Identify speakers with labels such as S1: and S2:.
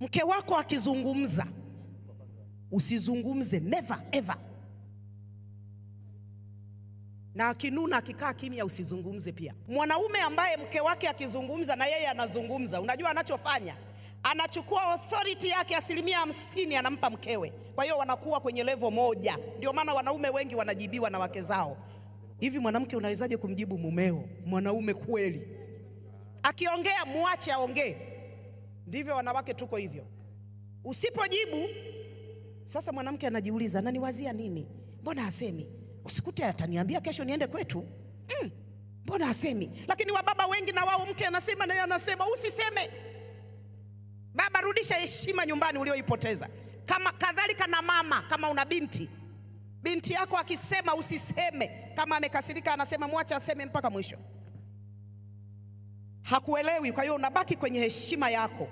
S1: Mke wako akizungumza, usizungumze, never ever. Na akinuna, akikaa kimya, usizungumze pia. Mwanaume ambaye mke wake akizungumza na yeye anazungumza, unajua anachofanya anachukua authority yake asilimia hamsini anampa mkewe. Kwa hiyo wanakuwa kwenye levo moja. Ndio maana wanaume wengi wanajibiwa na wake zao. Hivi mwanamke unawezaje kumjibu mumeo? Mwanaume kweli akiongea, muache aongee. Ndivyo wanawake tuko hivyo. Usipojibu sasa, mwanamke anajiuliza naniwazia nini? Mbona hasemi? Usikute ataniambia kesho niende kwetu mm, mbona hasemi? Lakini wababa wengi na wao, mke anasema naye anasema. Usiseme baba, rudisha heshima nyumbani ulioipoteza. Kama kadhalika na mama, kama una binti binti yako akisema usiseme. Kama amekasirika anasema mwache aseme mpaka mwisho, hakuelewi. Kwa hiyo unabaki kwenye heshima yako.